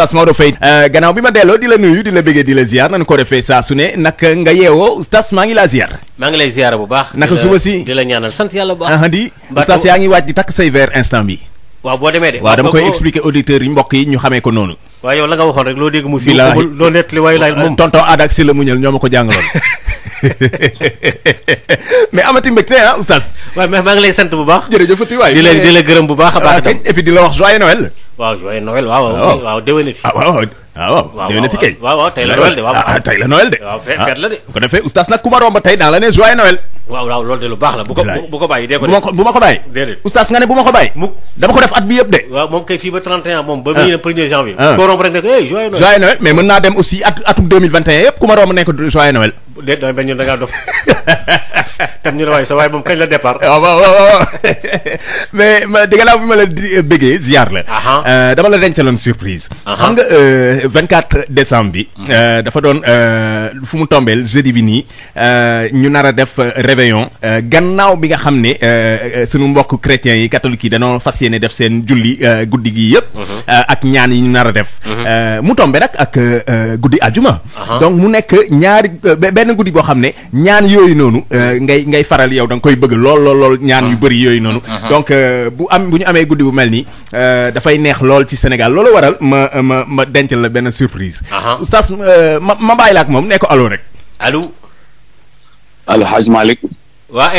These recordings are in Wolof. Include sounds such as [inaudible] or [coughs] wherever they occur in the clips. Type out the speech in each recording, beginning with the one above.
oustaz Maodo Faye euh, gannaaw bi ma delloo di la nuyu di la bëggee di la ziar nañu ko defee saa su ne naka nga yeewoo oustaz maa ngi laa ziar maa ngi lay ziar bu baax naka suba si di ñaanal sant yàlla ah, di oustaz yaa ngi waaj di takk say verre instant bi waaw boo demee de waaw dama koy expliquer auditeurs yi mbokk yi ñu xamee ko noonu waaye yow la nga waxoon rek loo dégg mu siiw. bilaahi loo nettali waaye laay moom. tonton Aada ak Sylla mu ñëw ñoo ma ko jàngaloon. [laughs] mais amati mbégte ah oustaz. waaw mais maa ngi lay sant bu baax. jërëjëfati waay di la di la gërëm bu baax. a baax ah, itam et puis di la wax joyeux Noël. waaw joyeux Noël waaw waaw. Oh. waaw déwénati. Ah, waaw ah waaw ñëw na fi kay waaw waaw tey la ah, Noël de waaw ah, ah, tey la Noël de waaw feet la de bu ko defee oustaz nag ku ma romb tey naa la ne joyeux Noël waaw waaw loolu de lu baax la bu ko bu ma ko bàyyi déedéet oustaz bu ma ko bàyyi dama ko def at bi yëpp de waaw moom kay fii ba 31 moom ba muy premier janvier ko romb rek ne ko eh mais mën naa dem aussi at atum 2021 yëpp ku ma romb ne ko joyeux Noël déet da bañ ñu da ngaa dof [laughs] tam ñu ne waaye sa waaye moom kañ la départ. Ah, waaw waaw waaw [laughs] mais ma dégg laa bu ma la euh, bëggee ziar la. Euh, dama la dencaloon surprise. xam nga 24 euh, décembre bi. Mm. dafa doon fu mu tombeel jeudi bi nii ñu nar a def réveillon. gannaaw bi nga xam ne sunu mbokk chrétiens yi catholiques yi danoo fas yéene def seen julli guddi gii yëpp. Mhm. ak ñaan yi ñu nar a def. Mhm. mu tombe nag ak guddi ajuma donc mu nekk ñaari benn. benn guddi boo xam ne ñaan yooyu noonu euh, ngay ngay faral yow da nga koy bëgg lool lool ñaan yu bari yooyu noonu mm-hmm. donc euh, bu am bu ñu amee guddi bu mel nii euh, dafay neex lool ci Sénégal loolu waral ma ma ma denc la benn surprise uh-huh. oustaz ma ma bàyyi la ak moom ne ko allo rek allo allo Hadj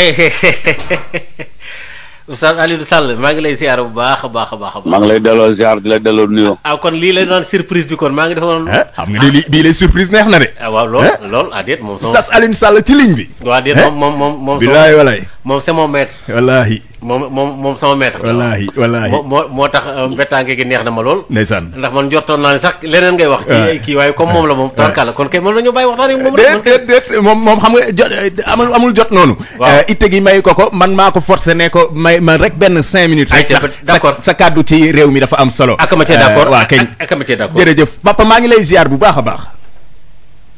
[laughs] Oustaz Alioune Sall maa ngi lay ziar bu baax a baax a baax. maa ngi lay delloo ziar di la delloo nuyoo. ah kon lii la doon surprise bi kon maa ngi defoon. Eh, xam nga ni lii bii lay surprise neex na de. ah waaw lool eh? lool ah déet moom. Oustaz Alioune Sall ci ligne bi. waaw déet eh? moom moom moom. bilaay walaay. moom sama mon maître. wallaahi. moom moom moom sama maître. wallaahi wallaahi. moo moo tax mbettaange euh, gi neex na ma lool. ndeysaan ndax man jotoon naa ne sax leneen ngay wax. ci kii waaye comme moom la moom. tarkala kon kay mën nañu bàyyi waxtaan yi moom rek. déet déet moom moom euh, amul jot noonu. waaw euh, itte gi may ko ko man maa ko forcé ne ko may man rek benn cinq minutes. rek d'accord sa kàddu ci réew mi dafa am solo. ak ma cee d'accord waa kañ ak ma cee d'accord jërëjëf papa maa ngi lay ziar bu baax a baax.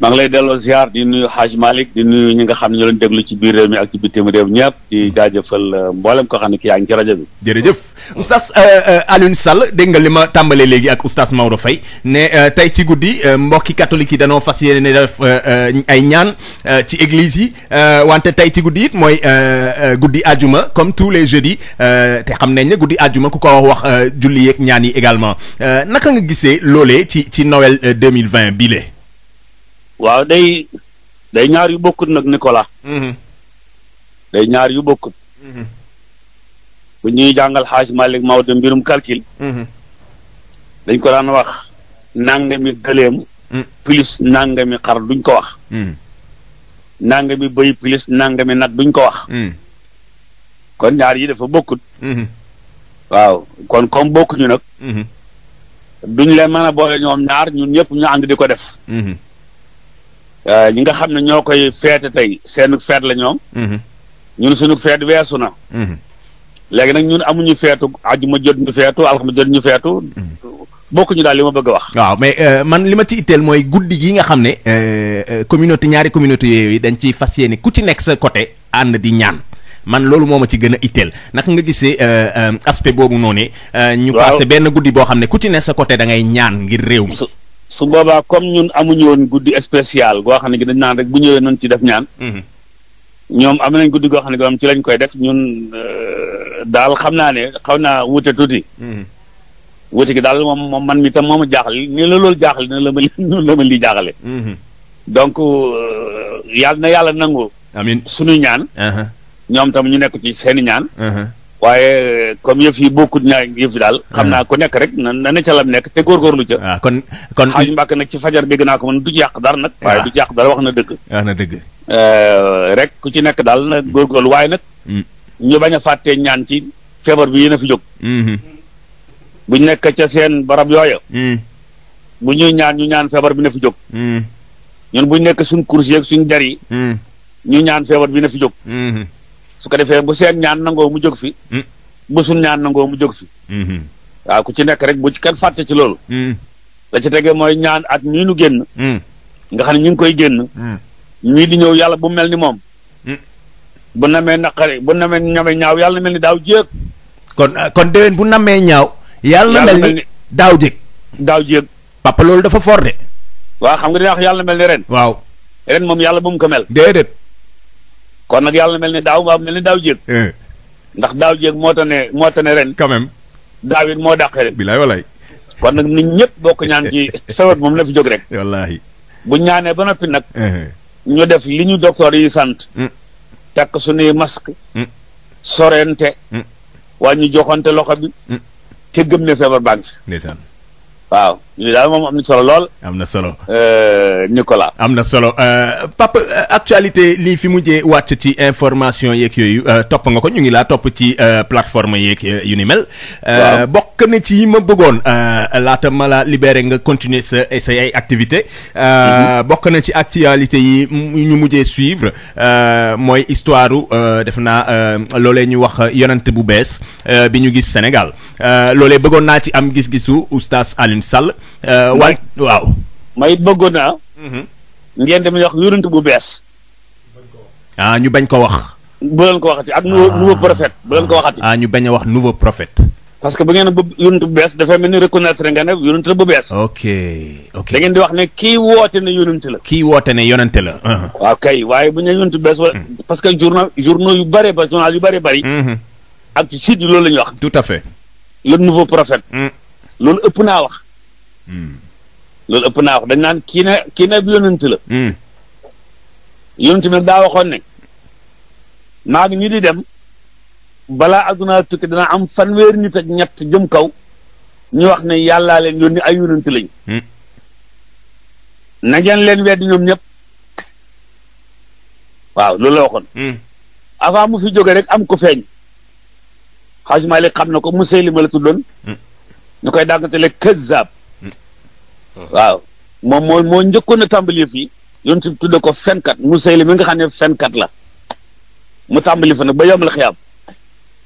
maa ngi lay delloo ziar di nuyu Hadj Malick di nuyu ñi nga xam ne ñu leen déglu ci biir réew mi ak ci bitim réew ñëpp di jaajëfal euh, mboolem ko xam ne ki yaa ngi ci rajo bi. jërëjëf oustaz euh, euh, Alioune Sall dégg nga li ma tàmbalee léegi ak oustaz Maodo Faye ne tey ci guddi mbokki catholique yi danoo fas yéene def ay ñaan ci église yi wante tey ci guddi it mooy guddi ajuma comme tous les jeudis te xam nañ ne guddi ajuma ku ko wax julli yeeg ñaan yi également naka nga gisee loolee ci ci Noël deux mille vingt bile waaw day day ñaar yu bokkut nag Nicolas. Mm-hmm. day ñaar yu bokkut. Mm-hmm. bu ñuy jàngal xaaj Malick Maodo mbirum calcul. Mm-hmm. dañ ko daan wax nangami gëleem. Mm. plus nangami xar duñ ko wax. Mm. nangami bëy plus nangami nag duñ ko wax. Mm. kon ñaar yi dafa bokkut. waaw kon comme bokkuñu nag. duñ leen mën a boole ñoom ñaar ñun ñëpp ñu ànd di ko def. Euh, ñi nga xam ne ñoo koy feet tey seenu feet la ñoom. Mhm. ñun suñu feet weesu na. Mhm. léegi nag ñun amuñu feetu àjjuma jot ñu feetu alxames jot ñu feetu. Mhm. bokkuñu daal li ma bëgg a wax. waaw mais euh, man li ma ci itteel mooy guddi gi nga xam ne euh, communauté ñaari communauté yooyu dañ ciy fas yéene ku ci nekk sa côté ànd di ñaan man loolu moom ma ci gën a itteel nag nga gisee aspect boobu noonu. ñu passé benn guddi boo xam ne ku ci nekk sa côté da ngay ñaan ngir réew mi. su boobaa comme ñun amuñu woon guddi spécial goo xam ne gi dañ naan rek bu ñëwee noonu ci def ñaan. Mhm. ñoom am nañ guddi goo xam ne moom ci lañ koy def ñun euh, daal xam naa ne xaw naa wute tuuti. Mhm. wute gi daal moom moom man mi tam moom jaaxle ni la loolu jaaxle ne la ma [laughs] noonu la ma lii jaaxale. Mhm. donc euh, yàlla na yàlla nangu. amiin suñuy ñaan. Uh-huh. ñoom tam ñu nekk ci seeni ñaan. Uh-huh. waaye eh, comme yëf yi bokkut ñaar yëf daal. xam ah. naa ko nekk rek na na ca la nekk te góorgóorlu ca. waaw ah, kon kon xaaj mbàkk nag ci fajar dégg naa ko man du yàq dara nag. waaye ah. du yàq dara wax na dëgg. na dëgg. Eh, ku ci nekk daal na waaye nag. Mm. ñu bañ a fàttee ñaan ci feebar bi yéen a fi jóg. Mm-hmm. nekk ca seen barab yooya. Mm. bu ñuy ñaan ñu ñaan feebar bi na fi jóg. Mm. ñun bu ñu nekk suñ kursi yeeg suñ der yi. ñu ñaan feebar bi na fi jóg. Mm-hmm. su ko defee bu seen ñaan nangoo mu jóg fi hmm. bu suñ ñaan nangoo mu jóg fi hmm. waaw ku ci nekk rek bu ci kenn fàtte ci loolu hmm. la ci tegee mooy ñaan at mii génn nga xam ne ñu ngi koy génn mii di ñëw yàlla bu mel ni moom bu namee naqari bu namee ñame ñaaw yàlla mel ni daaw jéeg kon ah, kon déwén bu namee ñaaw yàlla na mel ni daaw jéeg daaw jéeg loolu dafa fort de waaw xam nga dinaa wax yàlla mel ni ren waaw ren moom yàlla bu ko mel déedéet kon nag yàlla mel ni daaw nga am mel ni daaw jéeg. Eh. ndax daaw jéeg moo tax ne moo tax ne ren. quand même. daaw it moo dàqee ren. bilaay walaay. kon nag nit ñëpp bokk ñaan ci [laughs] sawet moom la fi jóg rek. wallaahi. bu ñaanee ba nappi nag. Eh. ñu def li ñu docteur yi sant. Mm. takk suñuy masque. Mm. sorente. Mm. waa ñu joxante loxo bi. te gëm ne feebar baa ngi fi. waaw. lii daal moom am na solo lool. am na solo. Euh, Nicolas. am na solo euh, Pape euh, actualité lii fi mujjee wàcc ci information yeeg yooyu topp nga ko ñu ngi laa topp ci plateforme yeeg yu ni mel. bokk na ci yi ma bëggoon laata mala la nga continuer sa sa ay activité mhm. bokk na ci actualité yi ñu mujjee suivre mooy histoire def naa loolee ñu wax yonant bu bees bi ñu gis Sénégal loolee bëggoon naa ci am gis-gisu oustaz Alioune Sall. Euh, wal waaw. may bëggoon naa. Mhm. ngeen dem wax yonent bu bees. ah ñu bañ ko wax. bu leen ko waxati ak nouveau ah. prophète bu leen ko wax ah ñu bañ a wax nouveau prophète. parce que bu ngeen bëgg yonent bu bees dafay mel ni reconnaître nga ne yonent la bu bees. ok ok da di wax ne kii woote ne yonent la. kii woote ne yonante la. waaw uh-huh. ah, kay waaye bu ñu nee yonent bu bees wala. Mm. parce que journal journaux yu bare ba journal yu bëree bari mm-hmm. ak site yi loolu la wax. tout à fait. le nouveau prophète. Mm. loolu ëpp naa wax. Hmm. loolu ëpp naa wax dañ naan kii ne kii ne yonent la. Hmm. yonent mi daa waxoon ne maa ngi ñi di dem balaa addunaa tukki dana am weer nit ak ñett jëm kaw ñu wax ne yàllaa leen yónni ay yonent lañ. Hmm. na jan leen weddi ñoom ñëpp waaw loolu la waxoon. avant mu fi jóge rek am ko feeñ. xaj xam na ko Musaylima la tuddoon. ñu koy dàgganteel ak Kazzab. waaw moom moo moo njëkkoon a tàmbali fii yonent bi tudde ko fenkat Musaylima mi nga xam ne fenkat la mu tàmbali fa nag ba yom la xiyaam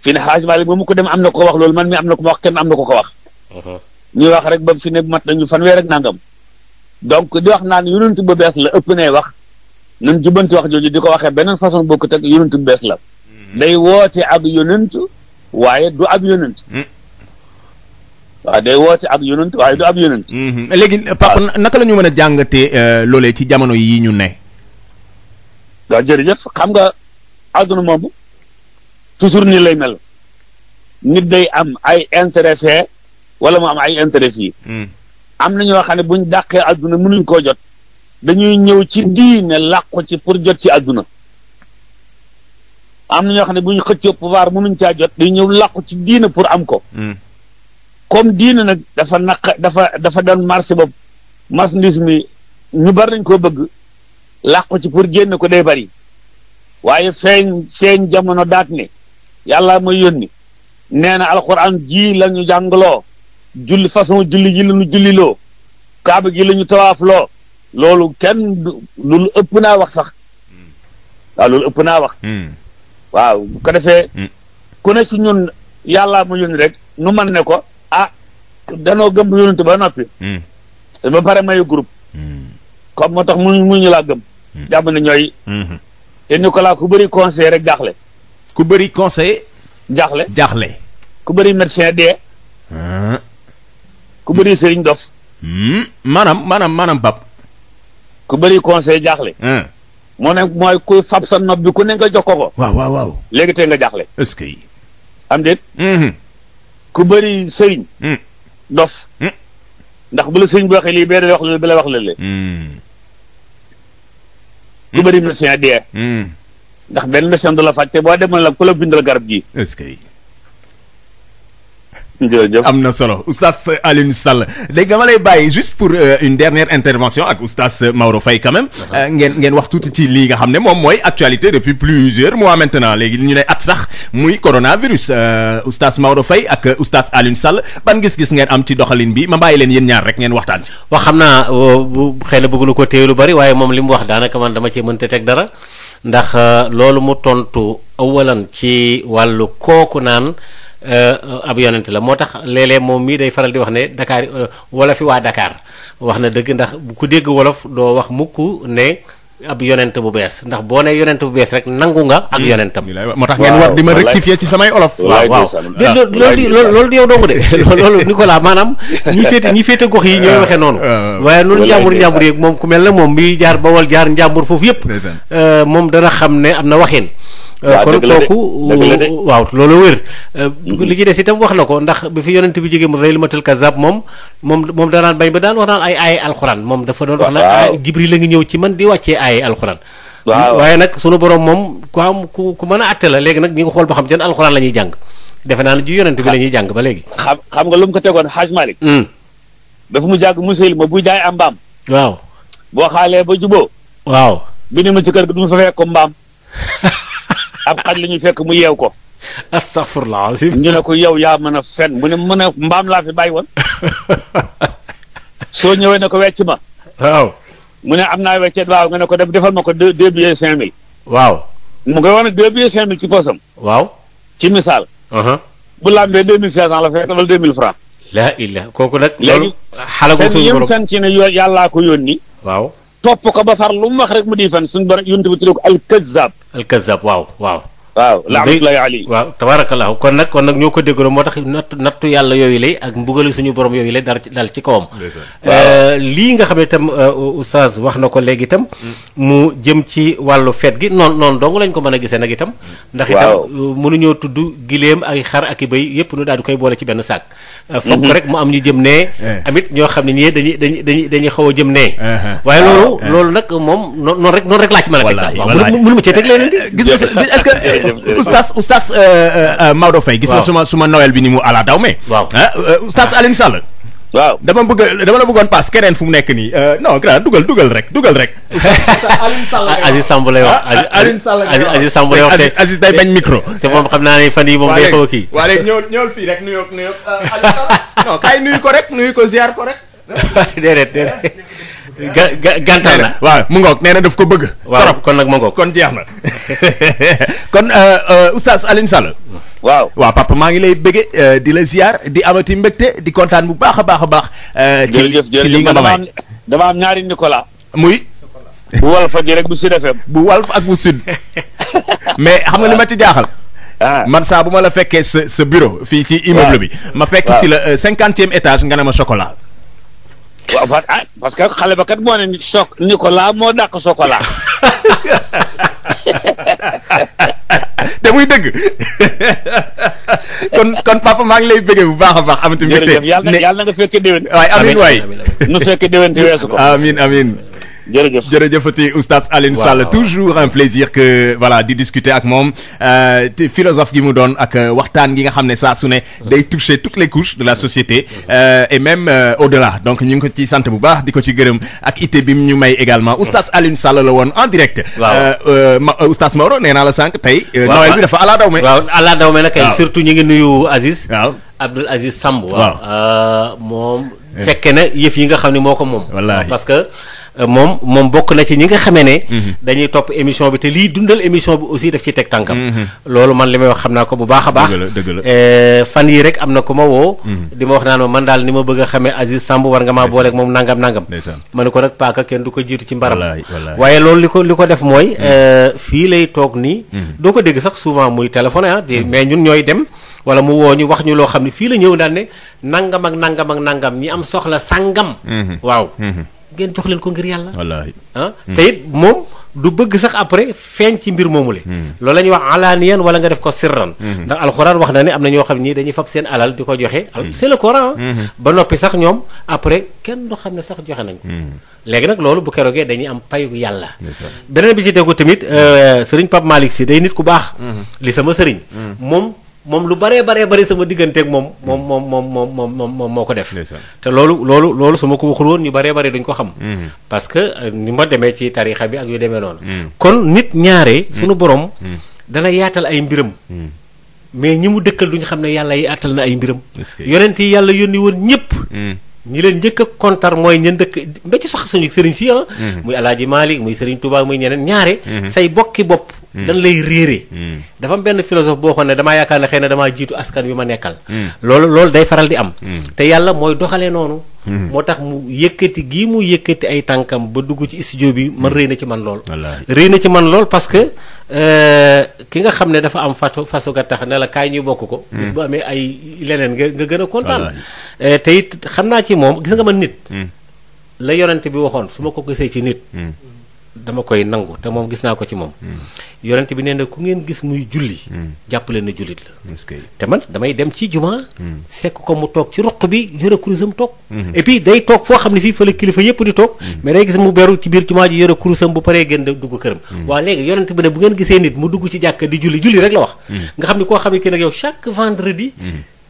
fii ne xaaj Maalik moom mu ko dem am na ko wax loolu man mi am na ko ma wax kenn am na ko ko wax uh-huh. ñuy wax rek ba fi ne mat nañu fanweer ak nangam donc di wax naan yonent ba bees la ëpp nay wax nañ jubanti wax jooju di ko waxee beneen façon bokkut ak yonent bu bees la hmm. day woote ak yonent waaye du ab yonent hmm. waaw day woote ab yonent waaye du ab yonent. Mhm. léegi euh, papa naka la ñu mën a jàngatee euh, loolee ci jamono yi ñu ne. jër jërëjëf xam nga àdduna moom toujours nii lay mel nit day am ay intérêt fee wala mu am ay intérêt fii. Mhm. am na ñoo xam ne buñ dàqee àdduna mënuñ koo jot dañuy ñëw ci diine làqu ci pour jot ci àdduna am na ñoo xam ne buñ xëccoo pouvoir nuñ caa jot day ñëw làqu ci diine pour am ko. Mhm. comme diine nag dafa naqa dafa dafa doon marché boobu marchandise mi ñu bari nañ koo bëgg làqu ci pour génn ko day bari waaye feeñ feeñ jamono daat ne yàlla mooy yónni nee na alxuraan ji la ñu jàngloo julli façon julli ji la ñu julliloo kaaba gi la ñu loolu kenn loolu ëpp naa wax sax waaw loolu ëpp naa wax hmm. waaw bu ko hmm. ku ne ci ñun yàlla mu yónni rek nu man ne ko danoo gëm yonent ba noppi. Hmm. ba pare mayu groupe. Hmm. comme moo tax mu mu ñu laa gëm. jàmm na ñooy. Hmm. te Nicolas ku bëri conseil rek jaaxle. ku bëri conseil. jaaxle jaaxle. ku bëri médecin dee. ku bëri sëriñ dof. maanaam maanaam maanaam bab ku bëri conseil jaaxle. moo ne mooy kuy fab sa nopp ku ne nga jox ko ko. waaw waaw waaw. léegi nga jaaxle. est am déet. ku bëri sëriñ. dof hmm. ndax bu la sëñ bi waxee lii bee wax bi la wax la le hmm. ku bëri médecin dee ndax benn médecin du la faj te boo demoon la ku la bindal garab gi est-ce jërëjëf am na solo oustaz Alioune Sall léegi dama lay bàyyi juste pour euh, une dernière intervention ak oustaz Maodo fay quand même. Uh-huh. Euh, ngeen ngeen wax tuuti ci lii nga xam ne moom mooy actualité depuis plusieurs mois maintenant léegi ñu ne at sax muy coronavirus euh, oustaz Maodo fay ak oustaz Alioune Sall ban gis-gis ngeen am ci doxalin bi ma bàyyi leen yéen ñaar rek ngeen waxtaan ci. wax xam naa bu xëy na bëgg ko téye lu bari waaye moom li mu wax daanaka man dama cee mënta teg dara ndax loolu mu tontu awalan ci wàllu kooku naan. Euh, ab yonent la moo tax léeg moom mii day faral di wax ne Dakar euh, wolof yi waa Dakar wax na dëgg ndax ku dégg wolof doo wax mukk ne ab yonent bu bees ndax boo ne yonent bu bees rek nangu nga ak hmm. yonentam moo tax ngeen war di ma rectifier ci samay olof waaw waaw de ah, loolu di [laughs] loolu di de loolu Nicolas maanaam ñi féete ñi féete gox yi ñooy ah. waxee noonu ah. waaye noonu njàmbur njàmbur yeeg moom ku mel na moom mi jaar bawal jaar njàmbur foofu yëpp euh, moom dana xam ne am na waxin kon kooku waaw loolu wér euh, mm-hmm. li ci des itam wax na ko ndax bi fi yonent bi jógee mu zaylimatul kazab moom moom moom danaan bañ ba daan wax naan ay ay moom dafa doon wax naan jibril ngi ñëw ci man di wàccee ay alxuraan waaw waaye nag sunu borom moom ku am ku ku mën a àtte léegi nag ñi nga xool ba xam jan alxuraan la ñuy jàng defe naa ne ju yonent bi jàng ba léegi xam xam nga lu mu ko tegoon xaaj mm. dafa mu jàng musil ma bu jaay am mbaam waaw boo xaalee ba juboo waaw bi ni ma ci kër gi du ma fekk ko mbaam [laughs] ab xaj la ñu fekk mu yeew ko. astaghfirullah azim. ñu ne ko yow yaa mën a fen mu ne mën a mbaam laa fi bàyyi woon. soo ñëwee ne ko wecc ma. waaw. mu ne am naa weccet waaw nga ne ko def defal ma ko deux deux billets cinq mille. waaw. mu nga koy wane deux billets cinq mille ci posam. waaw. ci misaal. Uh-huh. bu lambee deux mille cinq cent la fekk wala deux mille francs. laa illah kooku nag. loolu xalagu suñu borom léegi fen yëm fen ci ne yàllaa ko yónni. topp ko ba far lu mu wax rek mu di fan suñu borom yonent bi tudd ko alkazab alkazab waaw waaw waaw laanatullahi ali waaw tabaarakallaahu kon nag kon nag ñoo ko déggoo moo tax natt nattu yàlla yooyu lay ak mbugali suñu borom yooyu lay dal dal ci kawam euh, lii nga xam ne itam euh, oustaz wax na ko léegi itam mu jëm ci wàllu feet gi noonu noonu dong lañ ko mën a gisee nag itam ndax itam euh, mënuñoo tudd giléem ay xar ak i béy yëpp nu daal di koy boole ci benn saak fokk mhm. rek mu am ñu jëm nee eh. amit ñoo xam ne nii dañuy dañuy dañuy dañuy xaw a jëm nee eh, eh. waaye loolu loolu nag moom noonu rek noonu rek laa ci mën a teg waaw mënu ma cee teg leneen di gis nga est-ce oustaz oustaz euh, euh, euh, Maodo Faye gis nga suma suma Noël bi ni mu ala daw mais waaw ah, oustaz dama bëgg dama la bëggoon paas keneen fu mu nekk nii non grand dugal dugal rek dugal rek. [laughs] Ah, ah, Aziz Samb lay wax Aziz Aziz Samb day bañ micro. te moom xam naa ne fan yii moom day xaw a kii. waa léegi ñëwal fii rek nuyoog nuyoog Alioune Sall [laughs] non kaay nuyu ko rek nuyu ko ziar ko rek. [laughs] déedéet déedéet. gàntal na waaw mu ngoog nee na daf ko bëgg. waaw kon nag mu ngoog kon jeex na [laughs] kon euh, euh, oustaz Alioune waaw waaw papa maa ngi lay bëgge euh, di la ziar di amati mbégte di kontaan bu baax a baax a baax. jërëjëf ci li nga ma dama am ñaari nikola muy. bu Walf ak rek bu Sud FM. bu Walf ak bu Sud. [laughs] mais xam nga li ma ci jaaxal. Ah. man saa bu ma la fekkee sa sa bureau. fii ci immeuble bi. ma fekk si la cinquantième étage nga ne ma chocolat. waaw ah, parce que xale ba kat moo ne ni so Nicolas moo dàq Sokola. [laughs] te muy dëgg [laughs] kon kon papa maa ngi lay bëggee bu baax a baax. amati mbégte jërëjëf yàlla na nga fekk déwén. waaye amiin waay nu fekk déwén te weesu ko. amiin amiin. jërëjëf jërëjëfati oustaz Alioune Sall toujours un plaisir que voilà di discuter ak moom euh, te philosophe gi mu doon ak euh, waxtaan gi nga xam ne saa su ne day toucher toutes les couches de la société euh, et même au-delà donc ñu ngi ko ci sant bu baax di ko ci gërëm ak ité bi mu ñu may également oustaz Alioune Sall la woon en direct oustaz Maodo nee naa la sànq tey Noël bi dafa alaa daw me waaw surtout ñu ngi nuyu Aziz waaw Abdoul Aziz Samb waaw moom eh. fekke na yëf yi nga xam ne moo ko moom parce Euh, moom moom bokk na ci ñi nga xamee ne. Mhm. dañuy topp émission bi te lii dundal émission bi aussi daf ci teg tànkam. Mhm. loolu man li may wax xam naa ko bu baax a baax. Euh, fan yi rek am na ku ma woo. Mhm. di ma wax naan ma man daal ni ma bëgg a xamee Aziz Samb war nga maa booleeg moom nangam nangam. ma ne ko nag paaka kenn du ko jiitu ci mbaram. waaye loolu li ko li ko def mooy. Euh, fii lay toog nii. doo ko dégg sax souvent muy téléphoné ah. mais ñun ñooy dem wala mu woo ñu wax ñu loo xam ne fii la ñëw daal ne nangam ak nangam ak nangam ñi am soxla sangam. ngeen jox leen ko ngir yàlla. wallaahi ah hmm. te it moom du bëgg sax après feeñ ci mbir moomu le hmm. loolu la ñuy wax alaaniyan wala nga def ko sirran. Hmm. ndax alxuraan wax na ne am na ñoo xam ni dañuy fab seen alal di ko joxe. c'est le ba noppi sax ñoom après kenn du xam ne sax joxe nañ ko. nag loolu bu keroogee dañuy am payu yàlla. beneen bi ci tegu tamit euh, sëriñ Pape Malick si day nit ku baax. li sama sëriñ moom. moom lu baree baree bari sama digganteeg moom moom moom moom moom moom moom moo ko def te loolu loolu loolu su ma ko waxul woon ñu baree bari duñ ko xam mm-hmm. parce que euh, ni ma demee ci tarixa bi ak yu demee noonu mm-hmm. kon nit ñaare suñu mm-hmm. borom dana yaatal ay mbiram mais ñi mu dëkkal duñu xam ne yàlla yaatal na ay mbiram yonent yi yàlla yónni woon ñëpp ñi leen njëkk a kontar mooy ñeen dëkk ba ci sax suñu sëriñ si ah muy alaaji Maalik muy sëriñ Tuubaa muy ñeneen ñaare say bokki bopp Hmm. dañ lay réeree. Hmm. dafa am benn philosophe boo xam ne damaa yaakaar ne xëy na damaa jiitu askan wi ma nekkal. Hmm. loolu loolu day faral di am. te yàlla mooy doxalee noonu. moo tax mu yëkkati gii mu yëkkati ay tànkam ba dugg ci studio bi man rëy na ci man lool. rëy na ci man lool parce que euh, ki nga xam ne dafa am faso faso ga tax ne la kaay ñu bokk ko. bis bu amee ay leneen nga nga gën a kontaan. Euh, te it xam naa ci moom gis nga man nit. la yonent bi waxoon su ma ko gisee ci nit. dama koy nangu te moom gis naa ko ci moom. Hmm. yonent bi nee na ku ngeen gis muy julli. Hmm. jàppale na jullit la. te man damay dem ci juma. Hmm. fekk ko mu toog ci roq bi yore kurusam toog. et puis day toog foo xam ne fii fële kilifa yëpp di toog. mais day gis mu beru ci biir juma ji yore kurusam bu paree gën dugg këram. waaw léegi yonent bi ne bu ngeen gisee nit mu dugg ci jàkka di julli julli rek la wax. nga xam ne koo xam ne que nag yow chaque vendredi.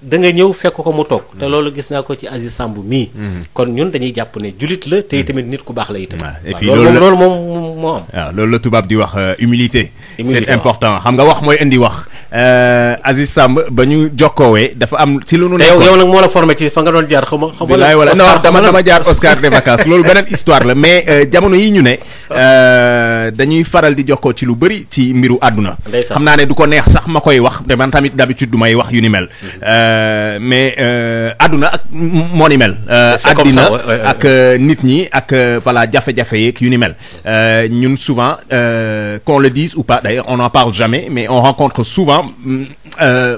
da nga ñëw fekk ko mu toog te mm. loolu gis naa ko ci Aziz Samb mii mm. kon ñun dañuy jàpp ne julit la tey mm. tamit nit ku baax la itam loolu loolu moom moo am waaw loolu la tubaab di wax euh, humilité c'est important xam nga wax mooy indi wax euh, Aziz Samb ba ñu jokkoowee dafa am ci lu nu nekk yow moo la formé ci fa nga doon jaar xam nga xam nga wala non dama dama jaar Oscar des vacances loolu beneen histoire la mais euh, jamono yi ñu ne ah. dañuy faral di jokkoo ci lu bëri ci mbiru àdduna xam naa ne du ko neex sax ma koy wax te man tamit d'habitude du may wax yu ni mel mm-hmm. Euh, mais euh, àdduna ak moo ni euh, ak nit ñi ak voilà jafe-jafe yeeg yu ni ñun souvent qu'on le dise ou pas d'ailleurs on n'en parle jamais mais on rencontre souvent mm,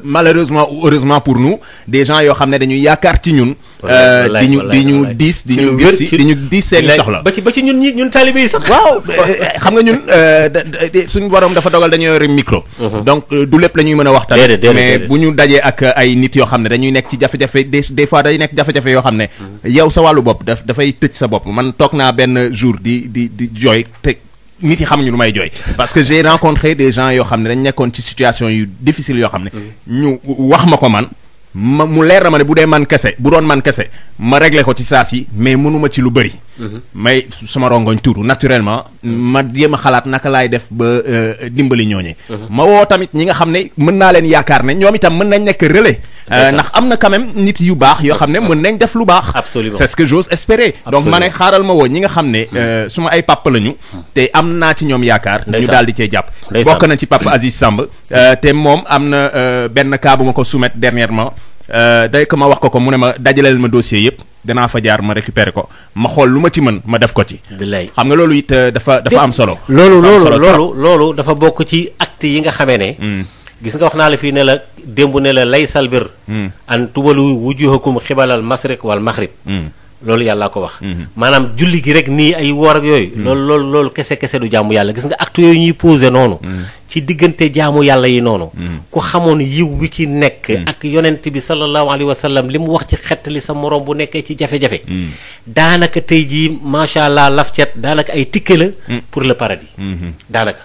malheureusement ou heureusement pour nous des gens yoo xam ne dañuy ya ci ñun. Euh, di ñu di ñu diis di ñu gis di ñu diis seen soxla ba ci ba ci ñun ñi ñun taalibe yi sax waaw eh, xam nga ñun euh, suñu borom dafa dogal dañoo yore micro uh-huh. donc euh, du lépp la ñuy mën a waxtaan mais bu ñu dajee ak ay nit yoo xam ne dañuy nekk ci jafe-jafe des fois day nekk jafe-jafe yoo xam ne uh-huh. yow sa wàllu bopp daf dafay tëj sa bopp man toog naa benn jour di di di jooy te nit yi ñu lu may jooy parce que j'ai rencontré des gens yoo xam ne dañ nekkoon ci situation yu difficile yoo xam ne uh-huh. ñu wax ma ko man ma mu leer na ma ne bu dee man kese bu doon man kese ma réglé ko ci saa si mais mënuma ci lu bëri. Mhm. may sama rongoñ tuuru naturellement. Mhm. ma jéem a xalaat naka laay def ba euh, dimbali ñooñee. Mhm. ma woo tamit ñi nga xam ne mën naa leen yaakaar ne ñoom itam mën nañ nekk relais. Euh, ndax am na quand nit yu baax yoo xam ne mën nañ def lu baax absolument c'est ce que jos espérer donc ma xaaral ma woo ñi nga xam ne euh, hmm. su ma ay papp lañu te am naa ci ñoom yaakaar ñu daal di cee jàpp bokk na ci papa hmm. Aziz Samb euh, te moom am na benn cas bu ma ko soumettre dernièrement day ko ma wax ko ko mu ne ma dajaleel ma dossier yëpp danaa fa jaar ma récupérer ko ma xool lu ma ci mën ma def ko ci. billaay xam nga loolu it dafa dafa am solo. loolu loolu dafa bokk ci acte yi nga xamee ne. Hmm. gis nga wax naa la fii ne la démb ne la laysal bir hmm. an tubalu wujuhakum xibalal masriq wal maxrib hmm. loolu yàllaa ko wax hmm. maanaam julli gi rek nii ay woor ak yooyu loolu loolu kese kese du jaamu yàlla gis nga acte yooyu ñuy posé noonu ci diggante jaamu yàlla yi noonu ku xamoon yiw bi ci nekk ak yonent bi sallallahu alayhi wa sallam li mu wax ci xettali sa morom bu nekkee ci jafe-jafe daanaka tey jii macha allah laf cet daanaka ay tikke la pour le paradis daanaka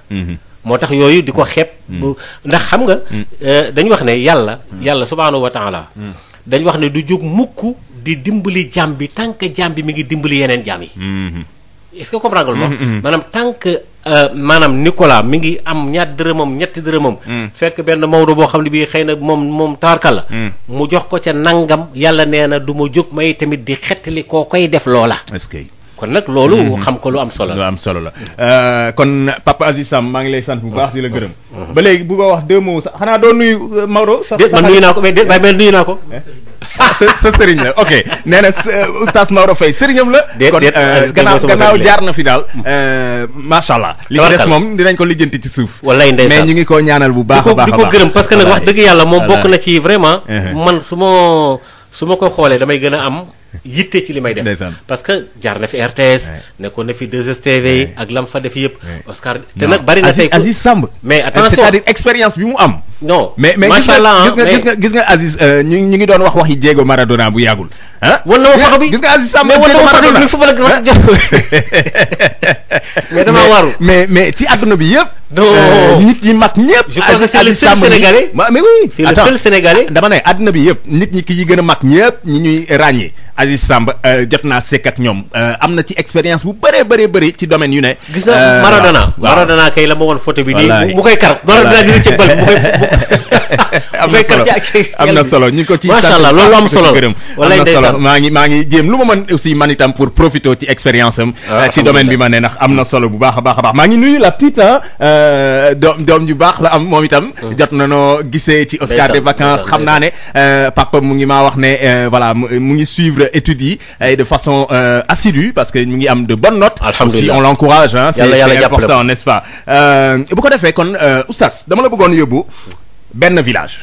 moo tax yooyu di ko xeeb. Mm. ndax xam nga. Mm. Euh, dañu wax ne yàlla. Mm. yàlla subhaanahu wa taala dañu wax ne du jóg mukk di dimbali jaam bi tànk que jaam bi mi ngi dimbali yeneen jaam yi. Mm-hmm. est-ce que moom mm-hmm. maanaam tant que euh, maanaam Nicolas mi ngi am ñaar dërëmam ñetti dërëmam. fekk benn Maodo boo xam ne bii xëy nag moom moom taarkal la. mu jox ko ca nangam yàlla nee na du ma jóg may tamit di xettali koo koy def loola. kon nag loolu. Mhm. xam ko lu am solo la lu am solo la. Euh, kon papa Aziz Sam maa ngi lay sant bu baax di la gërëm. ba léegi bu ko wax deux mots sax xanaa doo nuyu euh, Maodo. sax sax man nuyu ko mais déet waaye naa ko. Eh? Ah, sa sa sëriñ la ok nee na euh, oustaz Maodo Faye sëriñam la. déet kon gannaaw gannaaw jaar na fi daal. Mm. macha allah li ci des moom dinañ ko lijjanti ci suuf. wallaay ndeysaan mais ñu ngi ko ñaanal bu baax a baax parce que nag wax dëgg yàlla moom bokk na ci vraiment. Uh-huh. man su ma su ma ko xoolee damay gën a am. yitte ci li may def parce que jaar na fi RTS nekkoon na fi 2STV ak lam fa def yëpp Oscar te nag bari na say Aziz Samb mais attention c'est-à-dire expérience bi mu am non mais mais gis nga gis nga gis nga Aziz euh, ñu ñu ngi doon wax wax yi Diego Maradona bu yàggul ah wala ma foto bi gis nga Aziz Samb mais wala ma foto bi football ak wax jox [laughs] mais dama waaru mais mais ci àdduna bi yëpp euh, nit ñi mag ñëpp je pense que c'est le seul sénégalais mais oui c'est le seul sénégalais dama ne àdduna bi yëpp nit ñi ki yi gën a mag ñëpp ñi ñuy ràññee Aziz Samba euh, jot naa sekk ñoom euh, am na ci expérience bu bëree bëri bëri ci domaine yu ne. gis na euh, Maradona. Maradona kay la ma woon photo bi. nii mu koy kar Maradona dina ci bal mu koy. [laughs] am na solo am na solo ñu ngi ko ci macha loolu am solo gërëm am solo maa ngi maa ngi jéem lu ma mën aussi man itam pour profiter ci expérience am ah, ci domaine bi ma ne ndax am na solo bu baax a baax a baax maa ngi nuyu la petite doom doom ju baax la am moom itam hmm. jot na noo gisee ci Oscar des vacances xam naa ne papa mu ngi maa wax ne voilà mu ngi suivre suivre études yi et de façon euh, parce que mu ngi am de bonnes notes. alhamdulilah aussi on l'encourage hein. c'est important n'est-ce pas. Euh, bu ko defee kon euh, oustaz dama la bëggoon yóbbu. benn village.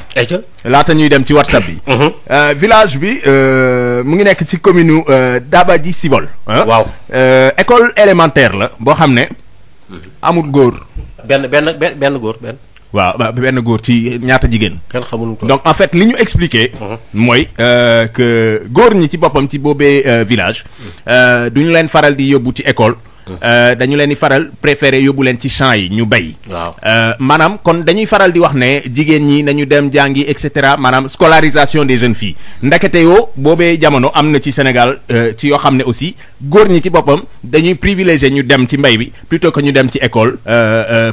laata ñuy dem ci WhatsApp bi. Mm-hmm. Euh, village bi mu ngi nekk ci commune nu Dabadji Sivol. waaw école élémentaire la boo xam ne. amul gor benn benn benn waaw benn góor ci ñaata jigéen. kenn xamul donc en fait li ñu expliqué. Uh-huh. mooy euh, que góor ñi ci boppam ci boobee euh, village. Mm. Euh, duñu leen faral di yóbbu ci école. Euh, dañu leen di faral préféré yóbbu leen ci champs yi ñu bay waaw euh, maanaam kon dañuy faral di wax ne jigéen ñi nañu dem jàngi et cetera maanaam scolarisation des jeunes filles ndekete yoo boobee jamono am na ci Sénégal euh, ci yoo xam ne aussi góor ñi ci boppam dañuy privilégié ñu dem ci mbay bi plutôt ko ñu dem ci école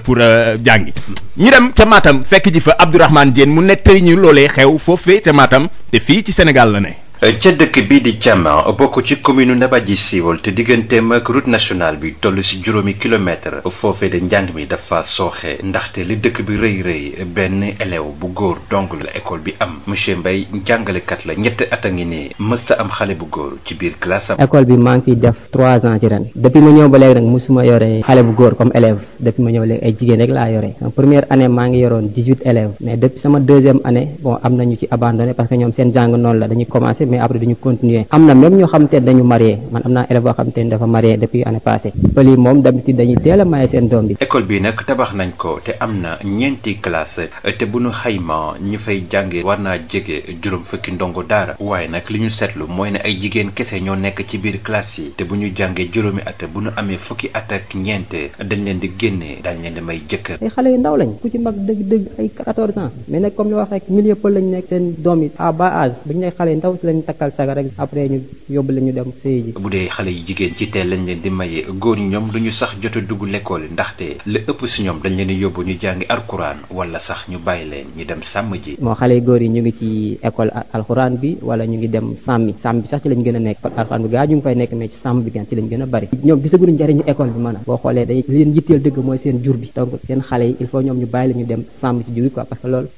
pour jàngi ñu dem ca maatam fekk ji fa Abdourahmane Diène mu nettali ñu loolee xew foofee ca maatam te fii ci Sénégal la ne. Eh, ca dëkk bi di Thiamin bokk ci commune Nabadji siiwal te digganteem ak route nationale bi toll si juróomi kilomètre foofee de njàng mi dafa sooxe ndaxte li dëkk bi rëy rëy benn élève bu góor dong la école bi am monsieur Mbaye njàngalekat la ñetti at a ngi nii mësta am xale bu góor ci biir classe am. école bi maa ngi fi def trois ans ci ren depuis ma ñëw ba léegi nag mosuma yore xale bu góor comme élève depuis ma ñëw léegi ay jigéen rek laa yore sama première année maa ngi yoroon dix huit élèves mais depuis sama deuxième année ñu commencé. mais après dañu continuer am na même ñoo xam te dañu marié man am naa élève boo xam te dafa marié depuis année passée pël yi moom d'habitude dañuy teel a maye seen doom bi école bi nag tabax nañ ko te am na ñeenti classe te bu ñu xayma ñu fay jànge war naa jege juróom fukki ndongo daara waaye nag li ñu seetlu mooy ne ay jigéen kese ñoo nekk ci biir classe yi te bu ñu jàngee juróomi at bu ñu amee fukki at ak ñeent dañ leen di génne dañ leen di may jëkkër ay yu ndaw lañ ku ci mag dëgg-dëgg ay 14 ans mais nag leen takkal saga rek après ñu yóbbu leen ñu dem sëy ji bu dee xale yi moo yi ñu ngi ci école alxuraan bi wala ñu xoolee dañ leen yitteel dëgg mooy seen jur bi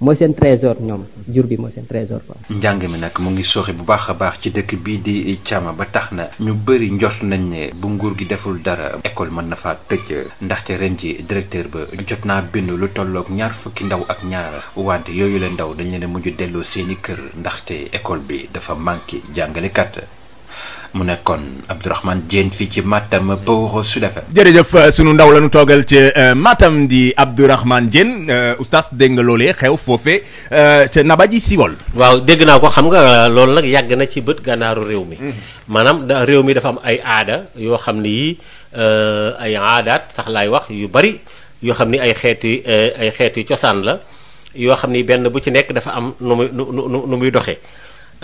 mooy seen trésor ñoom jur bi mooy seen trésor quoi njàng mi nag mu ngi sooxe bu baax a baax ci dëkk bii di Thiam ba tax na ñu bëri njort nañ ne bu nguur gi deful dara école mën na faa tëj ndaxte ren ji directeur ba jot naa bind lu tolloog ñaar fukki ndaw ak ñaar wante yooyu la ndaw dañu leen a mujj delloo seeni kër ndaxte école bi dafa manqué jàngalekat. mu nekkoon Abdourahmane Dieng fii ci Matam pour Sud defe jërëjëf euh, sunu ndaw la ñu toogal ci euh, Matam di Abdourahmane Dieng euh, oustaz dégg nga loolee xew foofe foofee ca Naba ji Siwol. waaw dégg naa ko xam nga loolu nag yàgg na ci bët gànnaaru réew mi. Mhm. maanaam réew mi dafa am ay aada yoo xam ni yii ay aadaat sax laay wax yu bari yoo xam ni ay xeeti ay xeeti cosaan la yoo xam ni benn bu ci nekk dafa am nu muy nu nu nu muy doxee.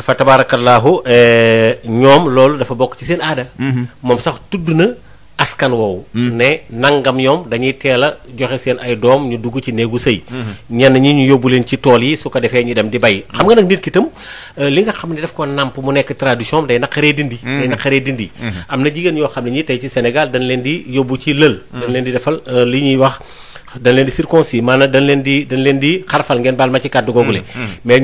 fa tabaarakallaahu eh, ñoom loolu dafa bokk ci seen aada. Mm-hmm. moom sax tudd na askan woowu. Mm-hmm. ne nangam ñoom dañuy teel a joxe seen ay doom ñu dugg ci néegu sëy. Mm-hmm. ñenn ñi ñu yóbbu leen ci tool yi su ko defee ñu dem di bay xam nga nag nit ki itam eh, li nga xam ne daf ko nàmp mu nekk tradition day naqaree dindi. day naqaree dindi. am na jigéen yoo xam ne ñi tey ci Sénégal dañ leen di yóbbu ci lël. dañ leen di defal eh, li ñuy wax. dañ leen di circoncis maanaam dañ leen di dañ leen di xarfal ngeen baal ma ci kàddu googule mais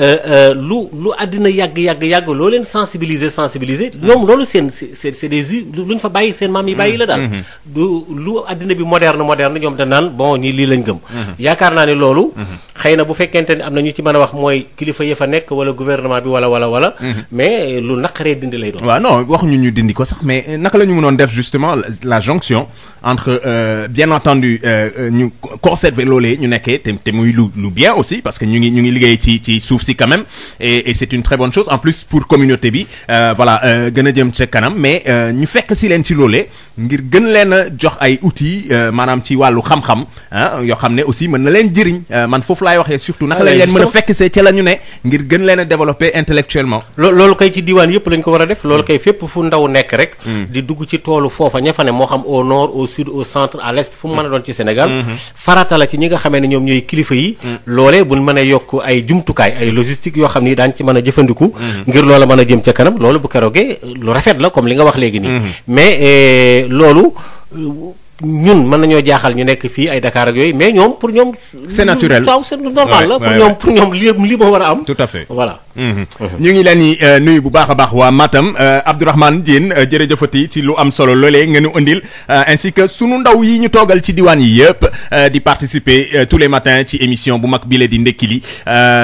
Euh, euh, lu lu àddina yàgg yàgg yàgg loo leen sensibiliser sensibiliser ñoom loolu seen c'est c'est des lu ñu fa bàyyi seen maam yi bàyyi la daal mm-hmm. du lu àddina bi moderne moderne ñoom da naan bon ñii lii lañ gëm mm-hmm. yaakaar naa ne loolu mm-hmm. xëy na bu fekkente ne am na ñu ci man a wax mooy kilifa ya fa nekk wala gouvernement bi wala wala wala mais lu naqaree dindi lay doon waaw non wax ñu ñu dindi ko sax mais naka la ñu mënoon def justement la jonction entre euh, bien entendu ñu conserver loolee ñu nekkee te te muy lu lu bien aussi parce que aussi quand même et, et c'est une très bonne chose en plus pour communauté bi euh, voilà euh, gën a jëm ca kanam mais euh, ñu fekk si leen ci loolee ngir gën leen a jox ay outils maanaam ci wàllu xam-xam ah, yoo xam ne aussi na leen jëriñ man foofu laay waxee surtout naka leen mën a fekk see ca la ñu ne ngir gën leen a développer intellectuellement loolu kay ci diiwaan yëpp lañ ko war a def loolu mm. kay fépp fu ndaw nekk rek mm. di dugg ci toolu foofa ña fa ne moo xam au nord au sud au centre ay logistique yoo xam ni daañ ci mën a jëfandiku ngir loola mën a jëm ca kanam loolu bu keroogee lu rafet la comme li nga wax léegi nii mm-hmm. mais euh, loolu ñun mën nañoo jaaxal ñu nekk fii ay Dakar ak yooyu mais ñoom pour ñoom. c'est naturel waaw c'est normal la pour ñoom pour ñoom ma war a am. tout à fait voilà. Mhm. Mhm. ñu ngi leen euh, nuyu bu baax a baax waa Matam euh, Abdourahmane Diène euh, jërëjëfati ci lu am solo loole nga ñu indil ainsi que sunu ndaw yi ñu toogal ci diwaan yi yëpp di participer tous les matins ci émission bu mag bi bile di ndekki li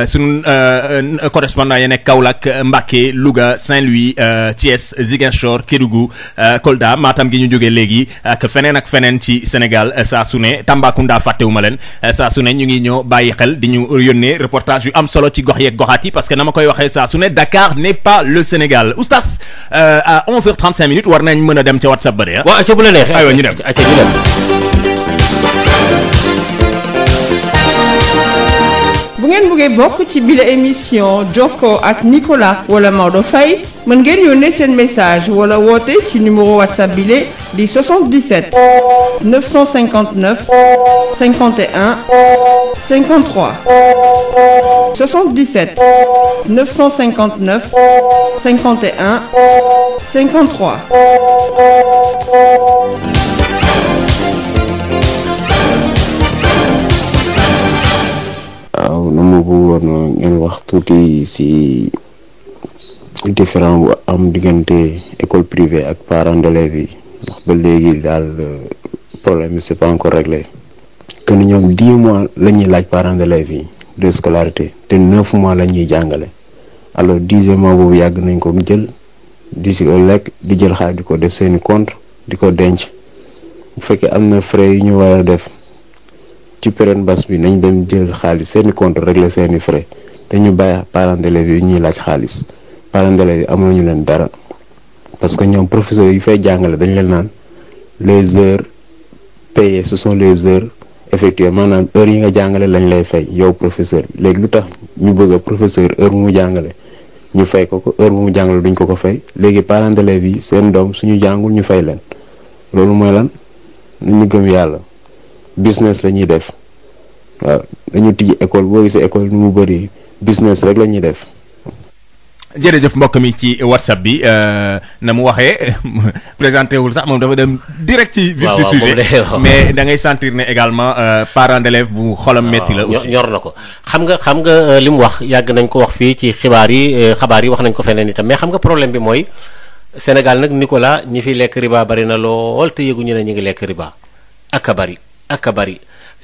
sunu correspondant ya nekk Kaolack Mbacké luga Saint-Louis Thiès Ziguinchor Kédougou Kolda Matam gi ñu jógee léegi feneen ci Sénégal eh, sa su ne Tambacounda fàttewuma leen eh, saa su ne ñu ngi ñoo bàyyi xel di ñu yónnee reportage yu am solo ci gox yeeg goxaat yi parce que na ma koy waxee saa su ne Dakar n'est pas le Sénégal oustaz euh, à 11h35 minutes war nañ mën a dem ca WhatsApp ba de ah. bu ngeen bëggee bokk ci bile émission jokkoo ak Nicolas wala Maodo fay mën ngeen yónnee seen message wala woote ci numéro whatsapp bile di 77 959 51 53 77 959 51 53 waaw na ma bëggoon ngeen wax tuuti si différent bu am diggante école privée ak parents d'élèves yi ndax ba léegi daal euh, problème bi c'est pas encore réglé que ni ñoom dix mois la ñuy laaj parents d'élèves yi de scolarité te neuf mois la ñuy jàngale alors dixième mois boobu yàgg nañ ko jël di si lekk di jël xaalis di ko def seeni contre di ko denc bu fekkee am na frais yu ñu war def. ci période mbas bi nañ dem jël xaalis seeni compte régler seeni frais te ñu bàyyi parents d'élèves yi ñuy laaj xaalis parents d'élèves yi amoo ñu leen dara parce que ñoom professeurs yi fay jàngale dañ leen naan les heures payées ce sont les heures effectuées maanaam heure yi nga jàngale lañ lay fay yow professeur bi léegi lu tax ñu bëgg a professeur heure bu mu jàngale ñu fay ko ko heure bu mu jàngale duñ ko ko fay léegi parents yi seen doom suñu jàngul ñu fay leen loolu mooy lan waaw dañu tijji école boo gisee école nu mu bëri business rek la ñuy def. jërëjëf mbokk mi ci whatsapp bi euh, na mu waxee [laughs] présenté wul sax moom dafa dem direct ci vif du sujet [laughs] mais da ngay sentir ne également euh, parent d'élève bu xolam metti la aussi ñor na ko xam nga xam nga euh, li mu wax yàgg nañ ko wax fii ci xibaar yi xabaar yi wax nañ ko feneen itam mais xam nga problème bi mooy Sénégal nag Nicolas ñi fi lekk riba bari na lool te yëguñu ne ñu ngi lekk riba ak a ak a bari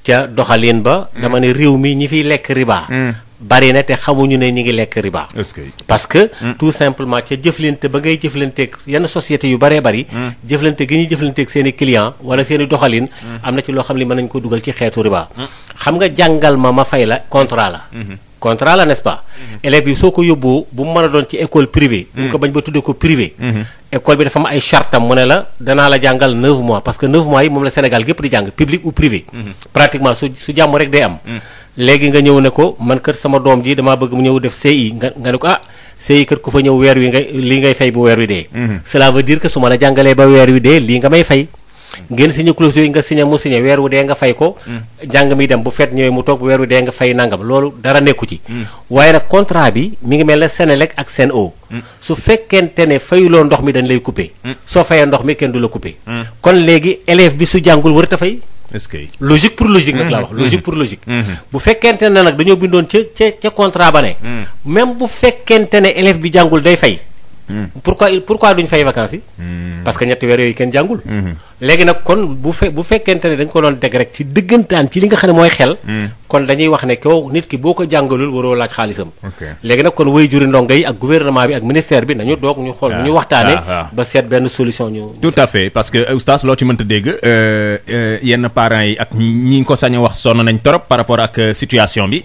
ca doxalin ba. Mm. dama ne réew mi ñi fiy lekk riba. Mm. bari na te xamuñu ne ñi ngi lekk riba. parce que. Mm. tout simplement ca jëflante ba ngay jëflanteeg yenn societé yu baree bari. jëflante gi ñuy jëflanteeg seen i client wala seen i doxalin. am na ci loo xam ne mën nañ ko dugal ci xeetu riba. xam nga jàngal ma ma fay la contrat la. Mm-hmm. contrat la n'est-ce pas. Mhm. élève bi soo ko yóbboo bu mu mën a doon ci école privée. bu ko mhm. bañ ba tuddee ko privé. Mhm. école bi dafa am ay charte am mu ne la danaa la jàngal 9 mois parce que 9 mois yi moom la Sénégal gépp di jàng public ou privé. pratiquement su su jàmm rek day am. léegi nga ñëw ne ko man kër sama doom ji damaa bëgg ñëw def CI nga ne ko ah CI kër ku fa ñëw weer wi ngay ngay fay bu weer wi dee. cela veut la jàngalee ba weer wi dee lii nga ngeen signé clause yooyu nga signé mu signé weer wu dee nga fay ko. jàng mi dem bu fet ñëwee mu toog bu weer wu dee nga fay nangam loolu dara nekku ci. waaye nag contrat bi mi ngi mel ne Senelec ak Sen'Eau. su fekkente ne fayuloo ndox mi dañ lay coupé. soo fayee ndox mi kenn du la coupé. kon léegi élève bi su jàngul warut a fay. est-ce que logique pour logique nag laa wax logique pour logique bu fekkente ne nag dañoo bindoon ca ca ca contrat ba ne même bu fekkente ne élève bi jàngul day fay hmm. pourquoi pourquoi duñ fay vacances yi hmm. léegi nag kon bu fe bu fekkente ne dañ ko doon dégg rek ci dëggantaan ci li nga xam ne mooy xel. Hmm. kon dañuy wax ne kaw nit ki boo ko jàngalul waroo laaj xaalisam. léegi nag kon way juri ndongo yi ak guvernement bi ak ministère bi nañu doog ñu xool. Ah, ñu waxtaanee ah, ah. ba seet benn solution ñu. tout à fait parce que euh, oustaz loo ci mënta dégg euh, euh, yenn parents yi ak ñi ngi ko sañ wax sonn nañu trop par rapport ak situation bi.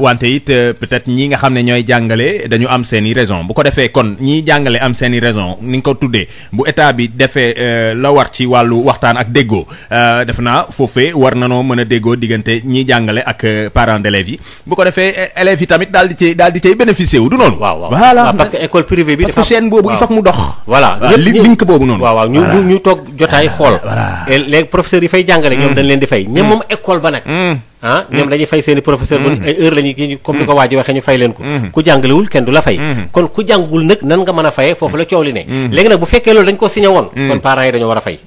wante it peut-être ñi nga xam ne ñooy jàngale dañu am seeni raison bu ko defee kon ñiy jàngale am seeni raison ni nga ko tuddee bu état bi defee la war ci wàllu waxtaan ak déggoo euh, def naa foofee war na noo mën a déggoo diggante ñiy jàngale ak euh, parents d'élèves yi bu ko defee euh, élèves yi tamit daal di cay daal di cay bénéficier wu du noonu. waaw waaw parce que école privée bi. parce que chaîne boobu il faut mu dox. voilà li link boobu noonu. waaw waaw ñu ñu ñu toog jotaay xool. voilà léegi yi fay jàngale. ñoom mm. dañ leen di fay. ñoom mm. moom école ba nag. Mm. ah mm-hmm. ñoom dañuy fay seen i professeur bu mm-hmm. ay heure la ñuy comme ni ko waa ji waxee ñu fay leen ko mm-hmm. ku jàngalewul kenn du la fay kon ku jàngul nag nan nga mën a fayee foofu la coow li ne léegi nag bu fekkee loolu dañ ko signé woon kon parents yi dañoo war a fay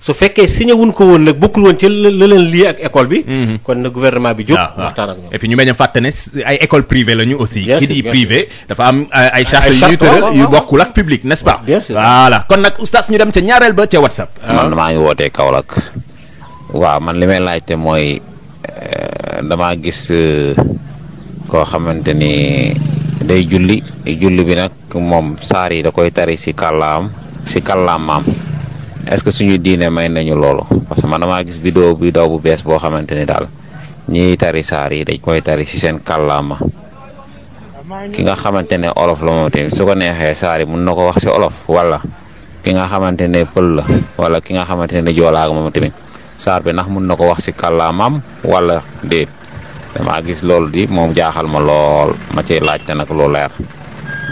su fekkee signé ko woon nag bokkul woon ci la leen lii ak école bi kon na gouvernement bi jóg ah, ah. waxtaan ak ñoom et puis ñu bañ a fàtte ne la ñu aussi ki di kon nag oustaz ñu dem ca ñaareel ba ca whatsapp man maa ngi wootee Kaolack waaw man li may laajte mooy Eh, damaa gis eh, koo xamante ni day julli julli bi nag moom saar yi da koy tari si kàllaam si kàllaamaam est-ce que suñu diine may nañu loolu parce que man damaa gis vidéo bi daw bu bees boo xamante ni daal ñiy tari saar yi dañ koy tari si seen ma ki nga xamante ne olof la moom tamit su ko neexee saar mun na ko wax si olof wala ki nga xamante ne pël la wala ki nga xamante ne joolaa moom tamit. saar bi ndax mun na ko wax si kàllaamam wala déet damaa gis loolu di moom jaaxal ma lool ma ciy laajte nag lu leer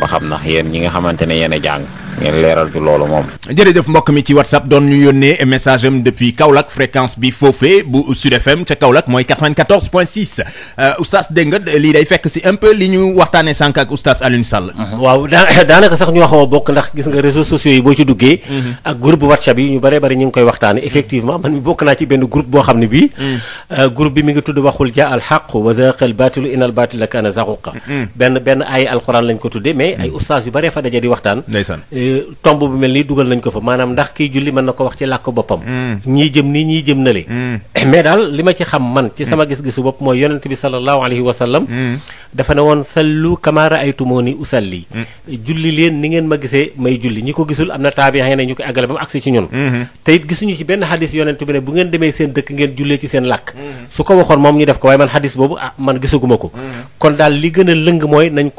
ba xam ndax yéen ñi nga xamante ne yéen a jàng ngeen leeral ci loolu moom. jërëjëf mbokk mi ci whatsapp doon ñu yónnee message am depuis Kaolack fréquence bi foofee bu Sud FM ca Kaolack mooy 94 point 6 euh, oustaz dégg nga lii day fekk si un peu li ñu waxtaanee sànq ak oustaz Alioune Sall. Mhm. waaw [laughs] daanaka sax ñoo xaw bokk ndax gis nga réseaux sociaux yi boo ci duggee. Mhm. ak groupe whatsapp yi ñu bëree bëri ñu ngi koy waxtaanee mhm. effectivement man mi bokk naa ci benn groupe boo xam ne bii. Euh, groupe bi mi ngi tudd waxul jaa al xaq wa zaqal baatilu inal baatila kaana zaquqa benn benn ay alxuraan lañ ko tuddee mais ay oustaz yu bëree fa daje di waxtaan. ndeysaan euh, Euh, tomb bu mel nii dugal nañ ko fa maanaam ndax kiy julli mën na ko wax ci làkk boppam mm. ñii jëm nii ñii jëm na li mm. eh, mais daal li ma ci xam man ci mm. sama gis-gisu bopp mooy yonent bi sallallahu alayhi julli leen ni ngeen ma gisee may julli ñi ko gisul am na taabiyen ne ñu koy àggale ba mu agsi ci ñun mm-hmm. te it gisuñu ci benn xadis yonent bi ne bu ngeen demee seen dëkk ngeen jullee ci seen làkk mm-hmm. su ko waxoon moom ñu def ko waaye man xadis boobu ah, man gisaguma ko mm-hmm. kon a lëng mooy nañ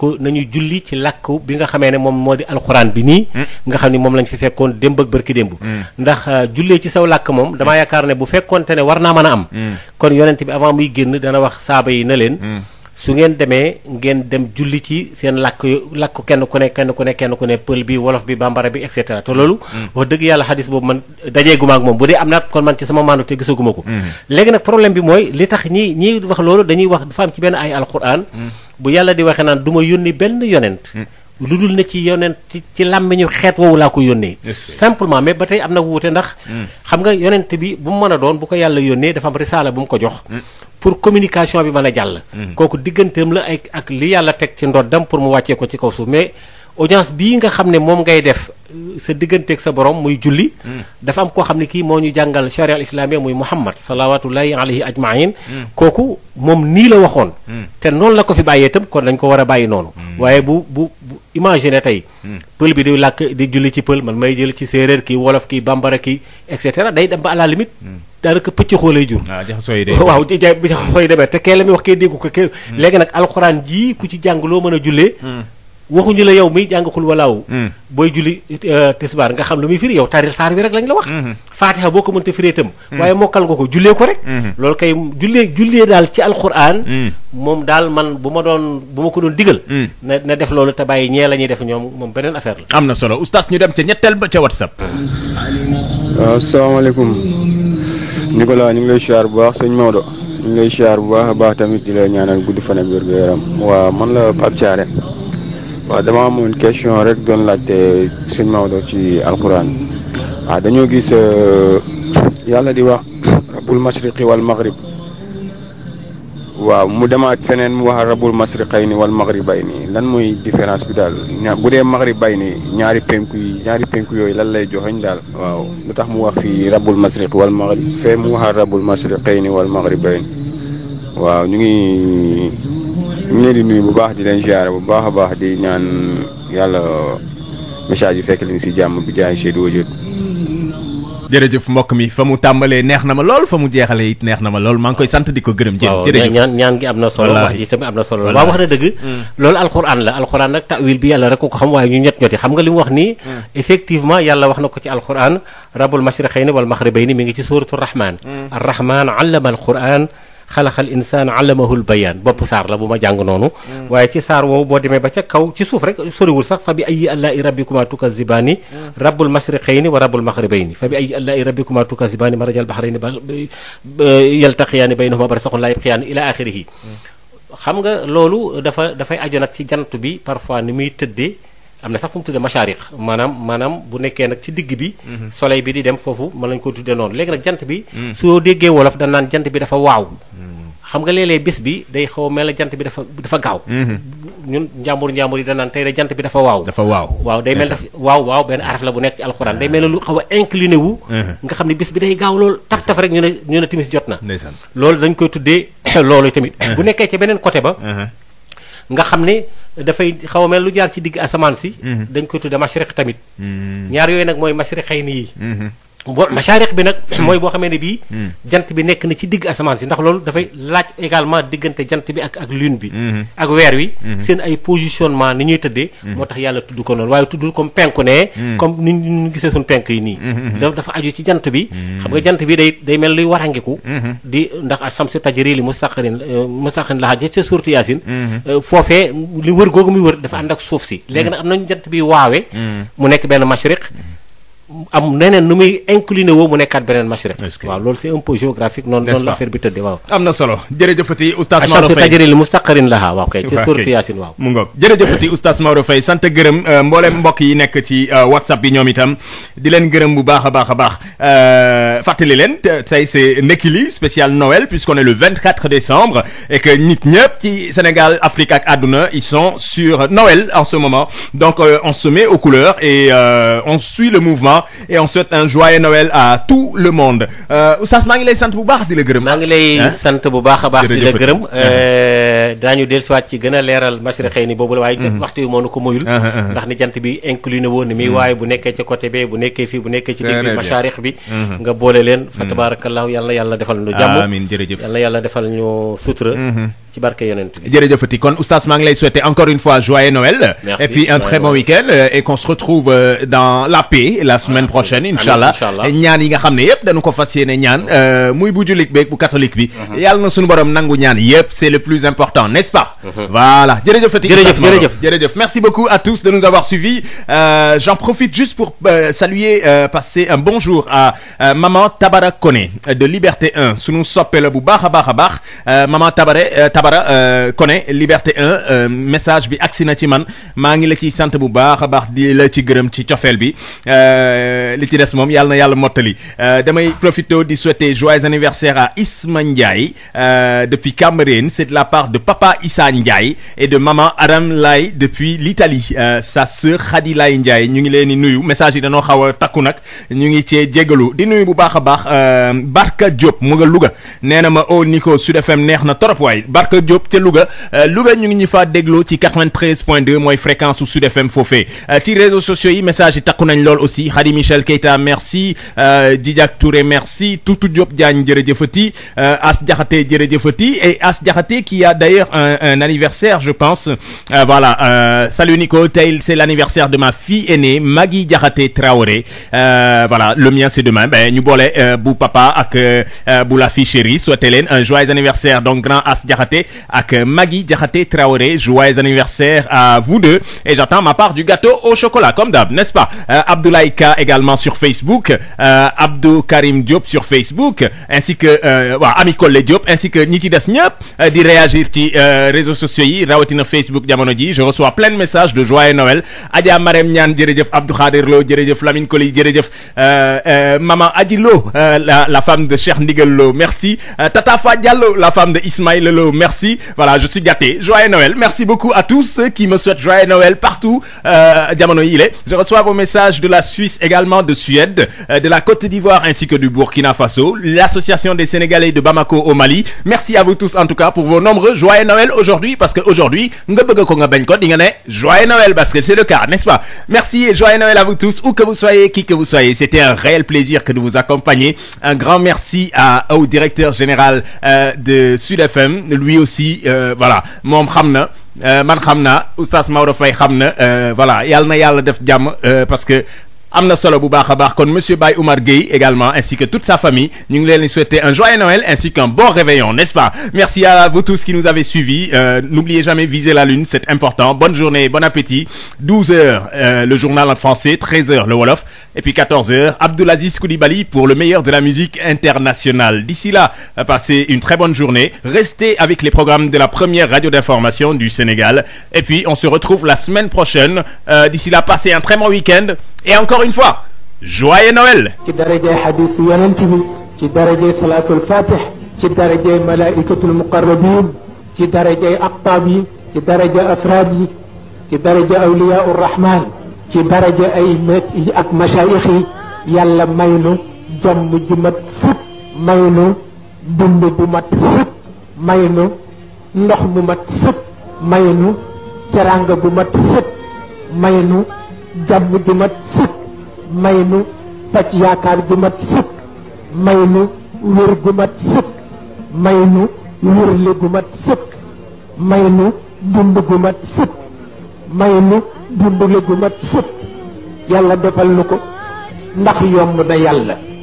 ci làkk bi nga xamee ne moom moo di alxuraan bi nga xam ni moom lañ fi fekkoon démb ak bërki démb mm. ndax euh, jullee ci saw làkk moom damaa mm. yaakaar ne bu fekkoonte ne war naa man a am mm. kon yonent bi avant muy génn dana wax saaba yi na leen su ngeen demee ngeen dem julli ci seen làkk làkk kenn ku ne kenn ku ne ku ne pël bi wolof bi bambara bi et cetera te loolu wax dëgg yàlla xadis boobu man dajeeguma ak moom bu dee am naat kon man ci sama maandu te gisaguma ko léegi nag problème bi mooy li tax ñi ñi wax loolu dañuy wax dafa am ci benn ay alquran bu yàlla di waxee naan du ma yónni benn yonent lu dul ne ci yonent ci ci làmmiñu xeet woowu laa ko yónnee. simplement mais ba tey am na wuute ndax. Hmm. xam nga yonent bi bu mu mën a doon bu ko yàlla yónnee dafa am risaala bu mu ko jox. Hmm. pour communication bi mën a jàll. Hmm. kooku digganteem la ay ak li yàlla teg ci ndoddam pour mu wàccee ko ci kaw suuf mais audience bii nga xam ne moom ngay def euh, sa digganteek sa borom muy julli. dafa am koo xam ne kii moo ñu jàngal charia al islamia muy Muhammad salawaatullahi alayhi ajmain kooku moom nii la waxoon. te noonu la ko fi bàyyee itam kon dañ ko war a bàyyi noonu. imaginer tey. Hmm. pël bi di làkk di julli ci pël man may jël ci séeréer ki wolof kii bambara ki et cetera day dem ba à la limite. Hmm. daanaka pëcc xoo lay jur. waaw ah, jaxasoo yi waaw jaxasoo demee te kee la muy wax kee déggu ko kee. Hmm. léegi nag alxuraan jii ku ci jàng loo mën a jullee. waxuñu la yow miy jàng xul walaaw. Hmm. booy julli euh, tisbaar nga xam lu muy firi yow taril saar bi rek lañ la wax. Hmm. faatiha boo ko mënta firee itam. Hmm. waaye mokkal nga ko jullee ko rek. loolu kay jullee jullee daal ci alxuraan. moom daal man bu ma doon bu ma ko doon digal. na na def loolu te bàyyi ñee la ñuy def ñoom moom beneen affaire la. am na solo oustaz ñu dem ca ñetteel ba ca whatsapp. waaw asalaamaaleykum. Nicolas ñu ngi lay siyaar bu baax sëñ Maodo. ñu lay siyaar bu baax a baax tamit di la ñaanal gudd fan ak wér gu waaw man la Pape Thiaré. waaw dama amoon question rek don laajte suñ Maodo ci alquran waaw dañoo gis euh, yàlla di wax rabul mashriqi wal maghrib waaw mu demaat feneen mu wax rabul masriqayni wal maghribayni lan muy différence bi daal bu dee maghribayni ñaari penku yi ñaari penku yooyu lan lay joxeñ daal waaw lu tax mu wax fii rabul masriq wal maghrib fee mu wax rabul masriqayni wal maghribayni waaw ñu ngi ñu leen di nuyu bu baax di leen ziare bu baax a baax di ñaan yàlla message yi fekk leen si jàmm bi jaay Seydou Wajot. jërëjëf mbokk mi fa mu tàmbalee neex na ma lool fa mu jeexalee it neex na ma lool maa ngi koy sant di ko gërëm. jërëjëf ñaan ñaan gi am na solo. wax ji tamit am na solo waaw wax na dëgg. Mm. loolu alxuraan la al alxuraan nag tawil bi yàlla rek ko xam waaye ñu ñett ñotti xam nga li mu wax nii. Mm. effectivement yàlla wax na ko ci alxuraan. rabul mashriqayni wal maxribayni mi ngi ci suuratu rahmaan. Mm. ar rahmaan allama alxuraan. xalaxal insaan allamahul bayaan bopp saar la bu mm. waaye ci saar woowu boo demee ba ca kaw ci suuf rek soriwul sax fa bi ayi allaahi rabbikuma tukazibaani mm. rabbul mashriqayni wa rabbul maghribayni fa bi ayi allaahi rabbikuma tukazibaani marajal bahrayni ba yaltaqiyaani baynahuma barsaxun laa yabqiyaani ila axirihi mm. xam nga loolu dafa dafay aju nag ci jant bi parfois ni muy tëddee am na sax fu mu tuddee machaariq maanaam maanaam bu nekkee nag ci digg bi mhm. soleil bi di dem foofu mën nañu ko tuddee noonu léegi nag jant bi mhm. soo déggee wolof da naan jant bi dafa waaw mhm. xam nga léeg-léeg bés bi day xaw a mel jant bi dafa dafa gaaw ñun danaan da jant bi dafa waaw dafa waaw waaw day mel daf waaw waaw benn araf la bu nekk ci alxuraan day mel ne lu xaw a incliné wu nga xam ne bés bi day gaaw loolu taf taf rek ñu ne ñu ne timis jot na loolu dañ koy tuddee [coughs] loolu tamit bu nekkee ci beneen côté ba nga xam ne dafay xaw a mel lu jaar ci digg asamaan si. Mm-hmm. dañ koy tudde mashriq tamit. Mm-hmm. ñaar yooyu nag mooy mashriqayni yi. Mm-hmm. bo masaariq bi nag [coughs] mooy boo xamee ne bii hmm. jant bi nekk na ci digg asamaan si ndax loolu dafay laaj également diggante jant bi ak ak lune bi hmm. ak weer wi hmm. seen ay positionnement ni ñuy tëddee moo tax yàlla tudd ko noonu waaye tuddul comme penku ne comme ni ñu gisee suñ penk yi nii dafa aju ci jant bi xam nga jant bi day day mel luy warangiku di ndax asamsu tajri li mustaqarin euh, mustaqarin lahaa ci suurtu yaasin euh, foofee li wër googu muy wër dafa ànd ak suuf si léegi nag am nañu jant bi waawe mu nekk benn mashriq am neneen nu muy incliné woo mu nekkaat beneen match rek. waaw loolu c'est un peu géographique noonu noonu l'affaire bi tëddee waaw. am na solo jërëjëfati oustaz Maodo Faye tajri gërëm euh, mboolem mbokk yi nekk ci euh, whatsapp yi ñoom itam di leen gërëm bu baax a baax a baax euh, fàttali leen tey c'est li spécial Noël puisqu'on est le 24 décembre et que nit ñëpp ci Sénégal Afrique ak àdduna ils sont sur Noël en ce moment donc on se met aux couleurs et on suit le mouvement et on souhaite un joyeux Noël à tout le monde euh, Oustaz maa ngi lay sant bu baax di la gërëm. maa ngi lay sant bu baax a baax. di la gërëm euh, daañu dellusiwaat ci gën a leeral masrixey ni boobu la waaye waxtu wi moo nu ko muyul ndax ni jant bi incliné woon ni muy waaye bu nekkee ci côté bee bu nekkee fii bu nekkee ci digg bi masharix bi nga boole leen fa tabarakallahu yàlla yàlla defal ñu jàmm amiin jërëjëf yàlla yàlla defal ñu sutura ci barke yonent bi jërëjëfati kon oustaz maa ngi lay encore une fois joyeux Noël. et puis un très bon week euh, et qu'on se retrouve euh, dans la paix la semaine prochaine incha allah nga xam ne yëpp dañu ko fas euh, bu jullit beeg bu catholique bi. Mhm. yàlla na suñu borom nangu ñaan yëpp c'est le plus important n'est-ce pas. Mhm. voilà jërëjëfati. jërëjëf jërëjëf merci beaucoup à tous de nous avoir suivis j'en profite pour saluer passer un bonjour à maman Tabara de Liberté 1 sunu a a Babara euh, Koné Liberté 1 euh, message bi agsi na ci man maa ngi la ciy sant bu baax a baax di la ci gërëm ci cofeel bi euh, li ci des moom yàlla yàlla mottali damay profité di souhaiter joyeux anniversaire à Isma Ndiaye depuis Cameroun c'est de la part de papa Issa Ndiaye et de maman Aram Lay depuis l'Italie sa sœur Khady Lay Ndiaye ñu ngi leen di nuyu message yi danoo xaw a takku nag ñu ngi cee jégalu di nuyu bu baax a baax Barka Diop mu nga Louga nee na ma au oh Nico Sud FM neex na trop Babacar Diop ca Louga euh, Louga ñu ngi ñu faa dégloo ci 93 point 2 mooy fréquence su Sud FM foofee euh, ci réseaux sociaux yi message yi takku nañ lool aussi Khady Michel Keita merci euh, Djidiack Touré merci Toutou Diop Diagne jërëjëfati As Diakhaté jërëjëfati et As Diakhaté qui a d'ailleurs un, un anniversaire je pense voilà euh, salut Nico tey c'est l'anniversaire de ma fille aînée Magui Diakhaté Traoré euh, voilà le mien bu papa ak bu la Traoré ak Magui Diakhaté Traoré joyeux anniversaire à vous deux et j'attends ma part du gâteau au chocolat comme d'hab n'est-ce pas euh, également sur Facebook euh, Karim Diop sur Facebook ainsi que euh, Ami Collé Diop ainsi que ñi ci des ñëpp euh, di réagir ci euh, réseaux sociaux yi rawatina Facebook jamono ji je reçois plein de messages de joyeux Noël Adja Marème Niane jërëjëf Abdou Khadir Lo jërëjëf Lamine Koli jërëjëf maman Adji Lo la femme de Cheikh Ndigal Lo merci Tata Fa Diallo la femme de Ismaïla Lo merci voilà je suis gâté joyeux beaucoup à tous qui me souhaitent joyeux Noël partout jamono euh, yi je reçois vos messages de la Suisse également de Suède euh, de la Côte d'Ivoire ainsi que du Burkina Faso l'association des Sénégalais de Bamako au Mali parce que aujourd'hui nga bëgg ko nga bañ ko Noël parce que c'est le cas n'est-ce pas merci et joyeux Noël à vous tous où que vous soyez qui que vous soyez c'était un réel plaisir que de vous accompagner un grand merci lui aussi euh, voilà moom xam na euh, man xam na oustaz Maodo Faye xam na euh, vala yàlla na yàlla def jàmm parce que am na solo bu baax baax kon monsieur Baye Oumar Gueye également ainsi que toute sa famille ñu ngi leen di souhaiter un joyeux Noël ainsi qu'un bon réveillon n'est-ce pas merci à vous tous qui nous avez suivis euh, n'oubliez jamais viser la lune c'est important bonne journée bon appétit heures euh, le journal en français heures le wolof et puis heures Abdoulaziz Koulibaly pour le meilleur de la musique internationale d'ici là euh, passez une très bonne journée restez avec les programmes de la première et encore une fois joyeux Noël ci darajay xadiisu yonent bi ci darajay salaatul fatih ci darajay malaikatul muqarrabin ci darajay aqtaab yi ci daraja afraad yi ci daraja awliyaa rahman ci daraja ay ak masaayix yi yàlla maynu jàmm ju mat sëpp maynu dund bu mat sëpp maynu ndox mu mat sëpp maynu teranga bu mat sëpp maynu jàmm ju mat sëkk may nu pàcc yaakaar ju mat sëkk may nu wér gu mat may nu wérle gu mat may nu dund gu mat may nu dundle gu mat sëkk yàlla defal nu ko ndax yomb na yàlla